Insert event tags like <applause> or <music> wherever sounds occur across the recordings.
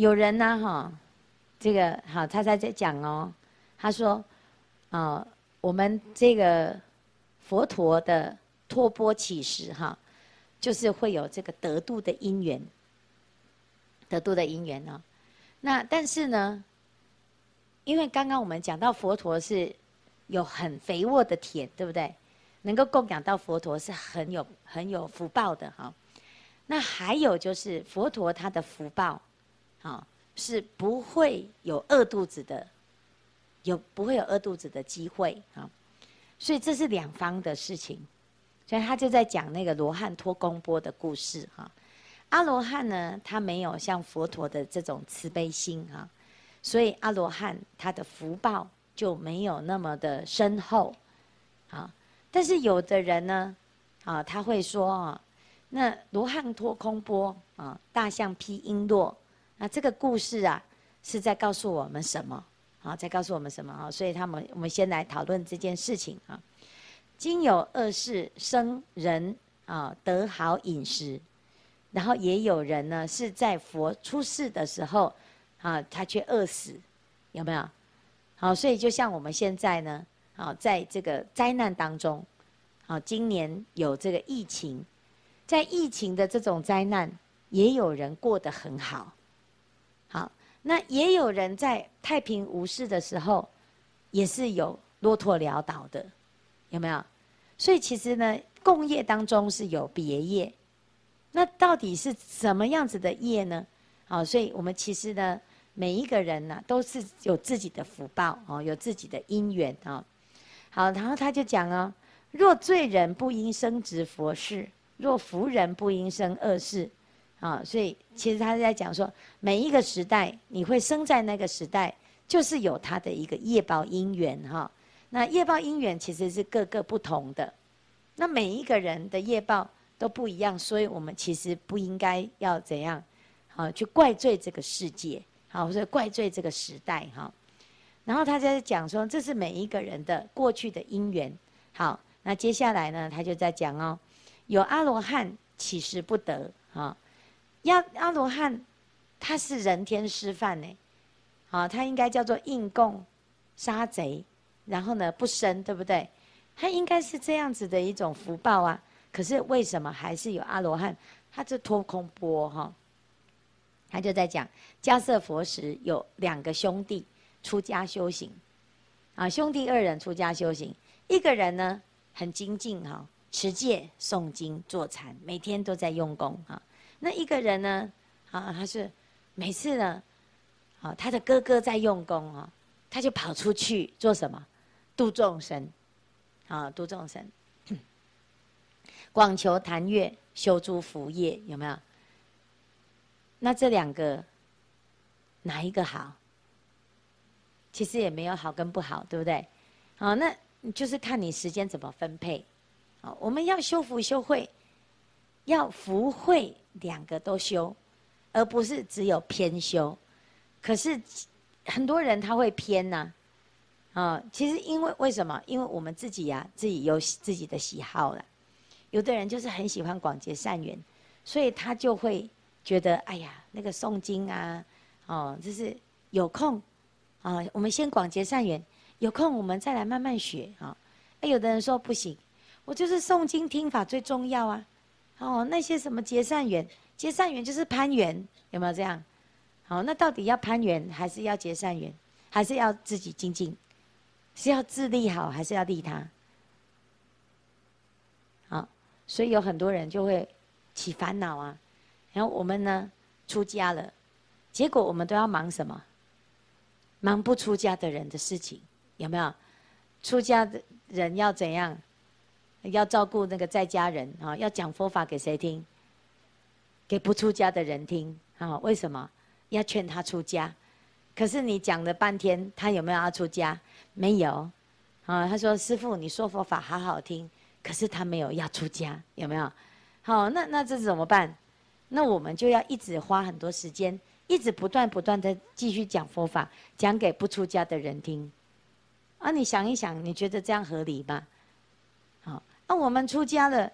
有人呢，哈，這個好，他在這講哦。他說，啊、哦，我們這個佛陀的托缽乞食哈，就是會有這個得度的因緣，得度的因緣呢、哦。那但是呢，因為剛剛我們講到佛陀是有很肥沃的田，對不對？能夠供養到佛陀是很有很有福報的哈、哦。那還有就是佛陀他的福報。啊，是不會有餓肚子的，有不會有餓肚子的機會啊？所以這是兩方的事情，所以他就在講那個羅漢托空缽的故事哈。阿羅漢呢，他沒有像佛陀的這種慈悲心啊，所以阿羅漢他的福報就沒有那麼的深厚啊。但是有的人呢，啊，他會說啊，那羅漢托空缽啊，大象披瓔珞。那這個故事啊，是在告訴我們什麼？啊，在告訴我們什麼啊？所以他們，我們先來討論這件事情啊。今有惡世生人啊，得好飲食，然後也有人呢是在佛出世的時候啊，他卻餓死，有沒有？好，所以就像我們現在呢，啊，在這個災難當中，啊，今年有這個疫情，在疫情的這種災難，也有人過得很好。那也有人在太平無事的時候，也是有落拓潦倒的，有沒有？所以其實呢，共業當中是有別業。那到底是什麼樣子的業呢？啊、哦，所以我們其實呢，每一個人吶、啊，都是有自己的福報哦，有自己的因緣啊、哦，好，然後他就講啊、哦、若罪人不應生值佛世，若福人不應生惡世。」啊，所以其實他是在講說，每一個時代，你會生在那個時代，就是有他的一個業報因緣哈。那業報因緣其實是各個不同的，那每一個人的業報都不一樣，所以我們其實不應該要怎樣，啊，去怪罪這個世界，好或者怪罪這個時代哈。然後他在講說，這是每一個人的過去的因緣。好，那接下來呢，他就在講哦，有阿羅漢乞食不得啊。阿阿羅漢，他是人天師範呢，他應該叫做應供，殺賊，然後呢不生，對不對？他應該是這樣子的一種福報啊。可是為什麼還是有阿羅漢？他這托空缽哈，他就在講：迦葉佛時有兩個兄弟出家修行，啊，兄弟二人出家修行，一個人呢很精進哈，持戒、誦經、坐禪，每天都在用功哈。那一個人呢？啊，他是每次呢，啊，他的哥哥在用功啊，他就跑出去做什麼？度眾生，啊，度眾生，廣 <coughs> 求檀越，修諸福業，有沒有？那這兩個哪一個好？其實也沒有好跟不好，對不對？啊，那就是看你時間怎麼分配。啊，我們要修福修慧，要福慧。兩個都修，而不是只有偏修。可是很多人他會偏吶、啊，啊、哦，其實因為為什麼？因為我們自己呀、啊，自己有自己的喜好了。有的人就是很喜歡廣結善緣，所以他就會覺得，哎呀，那個誦經啊，哦，就是有空，啊、哦，我們先廣結善緣，有空我們再來慢慢學啊。那、哦、欸、有的人說不行，我就是誦經聽法最重要啊。哦，那些什麼結善緣、結善緣就是攀緣，有沒有這樣？好，那到底要攀緣還是要結善緣，還是要自己精進？是要自利好，還是要利他？好，所以有很多人就會起煩惱啊。然後我們呢，出家了，結果我們都要忙什麼？忙不出家的人的事情，有沒有？出家的人要怎樣？要照顧那個在家人啊、哦，要講佛法給誰聽？給不出家的人聽啊、哦？為什麼？要勸他出家。可是你講了半天，他有沒有要出家？沒有啊、哦？他說：“師父，你說佛法好好聽，可是他沒有要出家，有沒有？”好、哦，那那這怎麼辦？那我們就要一直花很多時間，一直不斷不斷的繼續講佛法，講給不出家的人聽啊！你想一想，你覺得這樣合理嗎？那，啊，我們出家了，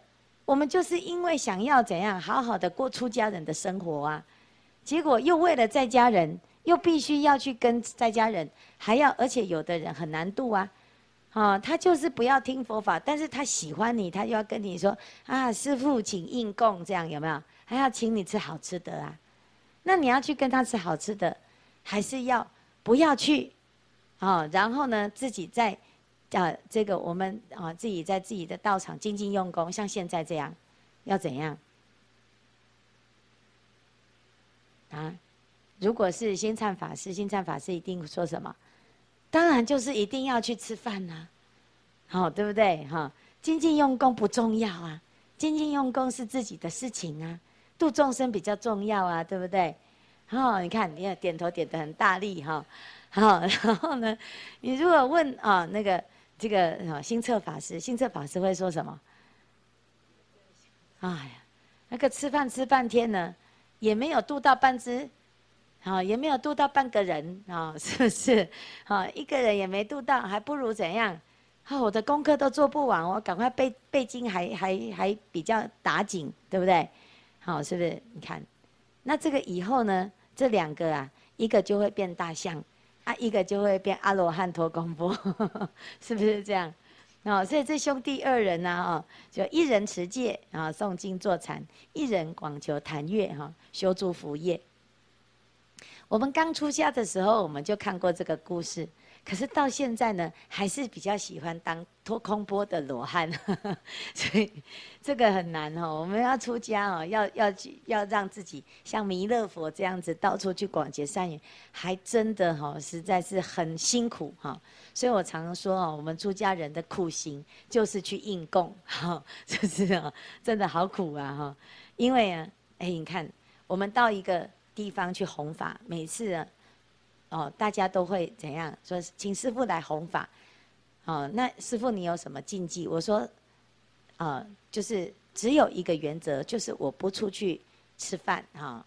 我們就是因為想要怎樣好好的過出家人的生活啊，結果又為了在家人，又必須要去跟在家人，還要而且有的人很難度啊，哦，他就是不要聽佛法，但是他喜歡你，他就要跟你說啊，師父請應供這樣有沒有？還要請你吃好吃的啊？那你要去跟他吃好吃的，還是要不要去？哦，然後呢，自己再。啊，這個我們啊自己在自己的道場精進用功，像現在這樣，要怎樣？啊，如果是新參法師，新參法師一定說什麼？當然就是一定要去吃飯吶、啊，好、哦、對不對？哈、哦，精進用功不重要啊，精進用功是自己的事情啊，度眾生比較重要啊，對不對？哈、哦，你看你要點頭點得很大力哈、哦，好、哦，然後呢，你如果問啊、哦、那個。這個啊，新、哦、策法師，新策法師會說什麼？哎、啊、呀，那個吃飯吃半天呢，也沒有度到半隻，啊、哦，也沒有度到半個人啊、哦，是不是？啊、哦，一個人也沒度到，還不如怎樣？啊、哦，我的功課都做不完，我趕快背背經還還還比較打緊，對不對？好、哦，是不是？你看，那這個以後呢，這兩個啊，一個就會變大象。啊，一個就會變阿羅漢托空缽，是不是這樣？哦，所以這兄弟二人呢，哦，就一人持戒啊，誦經坐禪；一人廣求檀越哈，修諸福業。我們剛出家的時候，我們就看過這個故事。可是到現在呢，還是比較喜歡當托空缽的羅漢， <laughs> 所以這個很難哦、喔。我們要出家哦、喔，要要去要讓自己像彌勒佛這樣子到處去廣結善緣，還真的哦、喔，實在是很辛苦哈、喔。所以我常說哦、喔，我們出家人的苦行就是去應供，哈、喔，就是、喔、真的好苦啊哈、喔。因為啊，哎、欸，你看我們到一個地方去弘法，每次啊。哦，大家都會怎樣說？請師父來弘法。哦，那師父你有什麼禁忌？我說，啊、呃，就是只有一個原則，就是我不出去吃飯哈。哦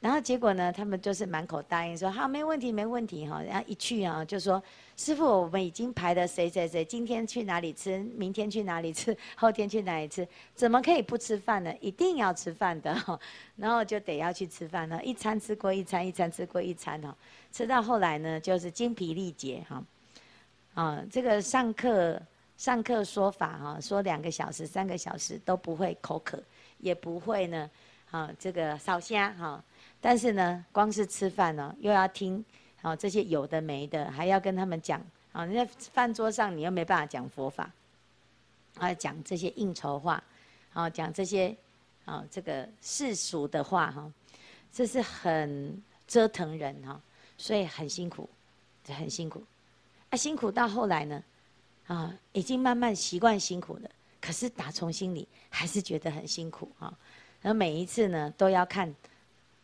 然後結果呢？他們就是滿口答應說：“好，沒問題，沒問題。”哈，然後一去啊，就說：“師傅，我們已經排的誰誰誰，今天去哪裡吃，明天去哪裡吃，後天去哪裡吃？怎麼可以不吃飯呢？一定要吃飯的。”然後就得要去吃飯，一餐吃過一餐，一餐吃過一餐，吃到後來呢，就是精疲力竭哈。啊，這個上課上課說法哈，說兩個小時、三個小時都不會口渴，也不會呢，啊，這個燒香哈。但是呢，光是吃飯呢、哦，又要聽，哦這些有的沒的，還要跟他們講，哦，人家飯桌上你又沒辦法講佛法，啊、哦，講這些應酬話，哦，講這些，哦這個世俗的話哈、哦，這是很折騰人哈、哦，所以很辛苦，很辛苦，啊，辛苦到後來呢，啊、哦，已經慢慢習慣辛苦了，可是打從心裡還是覺得很辛苦啊，哦，然後每一次呢都要看。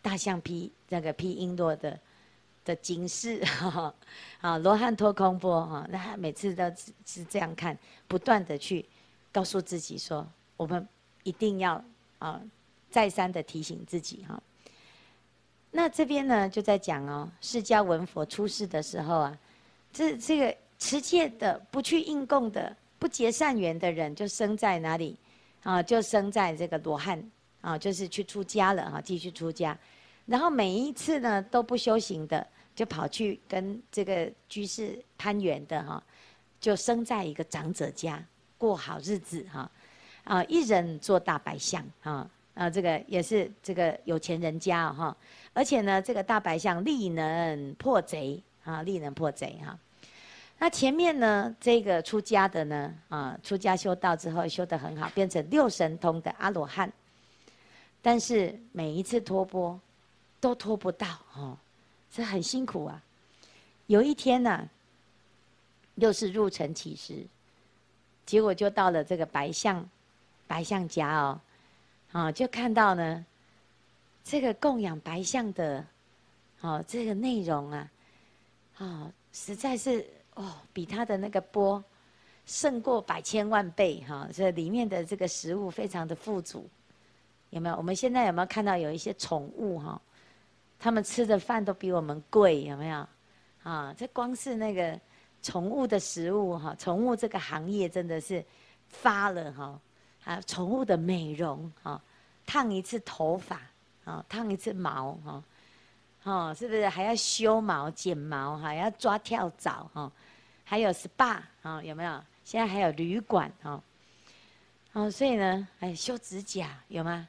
大象披那個披纓珞的的警示哈哈，啊羅漢托空缽，哈、哦，那他每次都是這樣看，不斷的去告訴自己說，我們一定要啊、哦、再三的提醒自己哈、哦。那這邊呢就在講哦，釋迦文佛出世的時候啊，這這個持戒的不去應供的不結善緣的人，就生在哪裡啊、哦？就生在這個羅漢啊，就是去出家了啊，繼續出家。然後每一次呢，都不修行的，就跑去跟這個居士攀緣的哈，就生在一個長者家過好日子哈，啊，一人做大白象哈，啊，這個也是這個有錢人家哈，而且呢，這個大白象力能破賊啊，力能破賊哈。那前面呢，這個出家的呢，啊，出家修道之後修得很好，變成六神通的阿羅漢，但是每一次托缽。都托不到哈、哦，這很辛苦啊！有一天呢、啊，又是入城乞食，結果就到了這個白象，白象家哦，啊、哦，就看到呢，這個供養白象的，哦，這個內容啊，啊、哦，實在是哦，比他的那個缽勝過百千萬倍哈！哦、所以裡面的這個食物非常的富足，有沒有？我們現在有沒有看到有一些寵物哈、哦？他們吃的飯都比我們貴，有沒有？啊，這光是那個寵物的食物哈，寵物這個行業真的是發了哈。啊，寵物的美容哈，燙一次頭髮，啊，燙一次毛哈，哦，是不是還要修毛、剪毛哈？還要抓跳蚤哈，還有 SPA 哈，有沒有？現在還有旅館哈，哦，所以呢，哎，修指甲有嗎？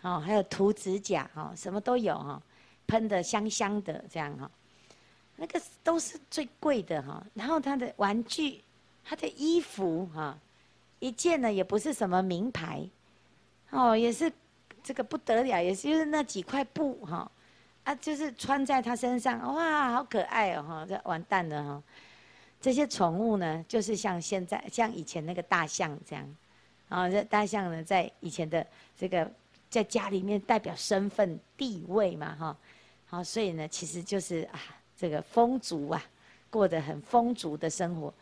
哦，還有塗指甲哦，什麼都有哈。噴得香香的，這樣哈、喔，那個都是最貴的哈、喔。然後他的玩具，他的衣服哈、喔，一件呢也不是什麼名牌，哦、喔，也是這個不得了，也是就是那幾塊布哈、喔，啊，就是穿在他身上，哇，好可愛哦、喔、哈、喔，這完蛋了哈、喔。這些寵物呢，就是像現在，像以前那個大象這樣，啊、喔，這大象呢，在以前的這個在家裡面代表身份地位嘛哈、喔。好、哦，所以呢，其實就是啊，這個豐足啊，過得很豐足的生活。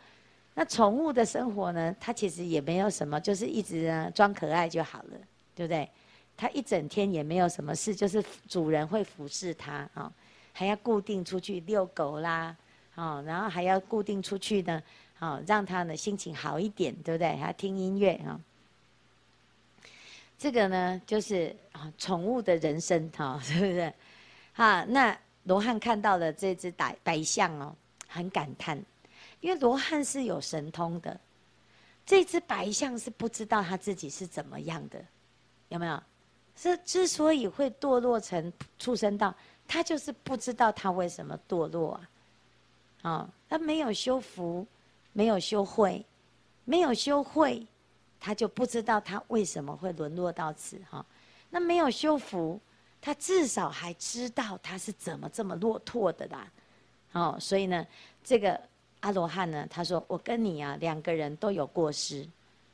那寵物的生活呢，它其實也沒有什麼，就是一直呢裝可愛就好了，對不對？它一整天也沒有什麼事，就是主人會服侍它啊、哦，還要固定出去遛狗啦，啊、哦，然後還要固定出去呢，啊、哦，讓它呢心情好一點，對不對？還要聽音樂啊、哦。這個呢，就是啊，寵物的人生哈、哦，是不是？哈、啊，那羅漢看到了這隻白白象哦，很感嘆，因為羅漢是有神通的，這隻白象是不知道他自己是怎麼樣的，有沒有？是之所以會墮落成畜生道，他就是不知道他為什麼墮落啊，啊、哦，他沒有修福，沒有修慧，沒有修慧，他就不知道他為什麼會淪落到此哈、哦，那沒有修福。他至少還知道他是怎麼這麼落拓的啦，哦，所以呢，這個阿羅漢呢，他說，我跟你啊兩個人都有過失，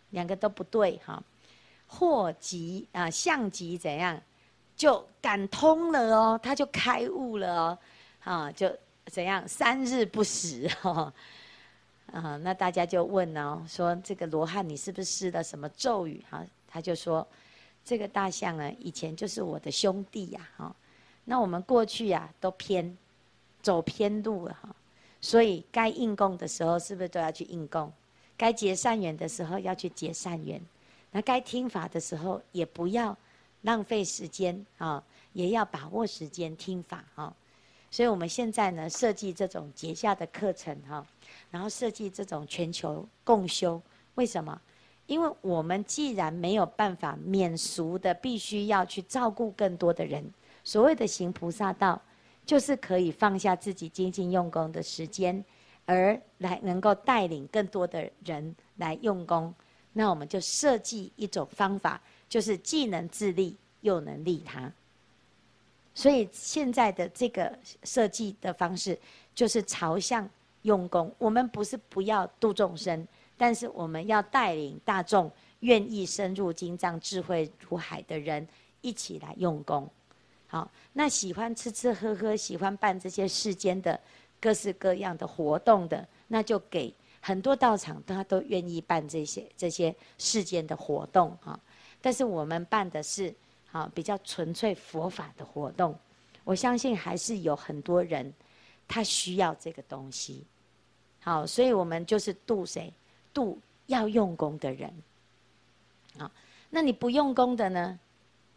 兩個都不對哈、哦，禍及啊象及怎樣，就感通了哦，他就開悟了哦，啊就怎樣三日不食哦，啊那大家就問哦，說這個羅漢，你是不是施了什麼咒語哈、啊？他就說。這個大象呢，以前就是我的兄弟呀，哈。那我們過去呀、啊，都偏走偏路了哈。所以該應供的時候，是不是都要去應供？該結善緣的時候，要去結善緣。那該聽法的時候，也不要浪費時間啊，也要把握時間聽法啊。所以我們現在呢，設計這種結下的課程哈，然後設計這種全球共修，為什麼？因為我們既然沒有辦法免俗的，必須要去照顧更多的人。所謂的行菩薩道，就是可以放下自己精進用功的時間，而來能夠帶領更多的人來用功。那我們就設計一種方法，就是既能自利又能利他。所以現在的這個設計的方式，就是朝向用功。我們不是不要度眾生。但是我們要帶領大眾，願意深入經藏智慧如海的人一起來用功。好，那喜歡吃吃喝喝、喜歡辦這些世間的各式各樣的活動的，那就給很多道場，他都願意辦這些這些世間的活動啊。但是我們辦的是啊比較純粹佛法的活動，我相信還是有很多人他需要這個東西。好，所以我們就是度誰？度要用功的人，啊，那你不用功的呢？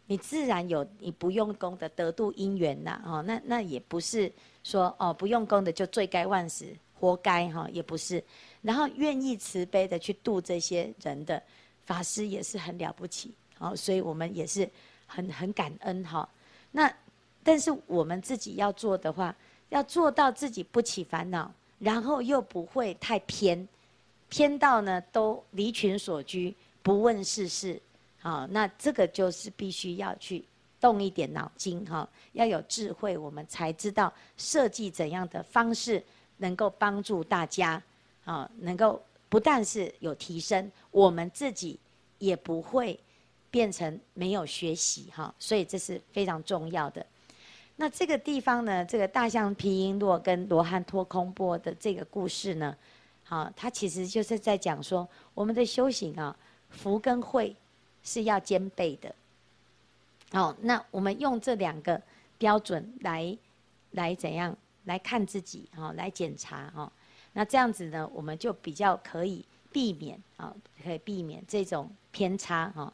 你自然有你不用功的得度因緣吶，哦，那那也不是說哦不用功的就罪該萬死，活該哈，也不是。然後願意慈悲的去度這些人的法師也是很了不起，哦，所以我們也是很很感恩哈。那但是我們自己要做的話，要做到自己不起煩惱，然後又不會太偏。天道呢，都離群索居，不問世事，好，那這個就是必須要去動一點腦筋哈，要有智慧，我們才知道設計怎樣的方式能夠幫助大家，啊，能夠不但是有提升，我們自己也不會變成沒有學習哈，所以這是非常重要的。那這個地方呢，這個大象披纓絡跟羅漢托空缽的這個故事呢，好，哦，他其實就是在講說，我們的修行啊，哦，福跟慧是要兼備的。好，哦，那我們用這兩個標準來，來怎樣來看自己哈，哦，來檢查哈，哦，那這樣子呢，我們就比較可以避免啊，哦，可以避免這種偏差哈。哦。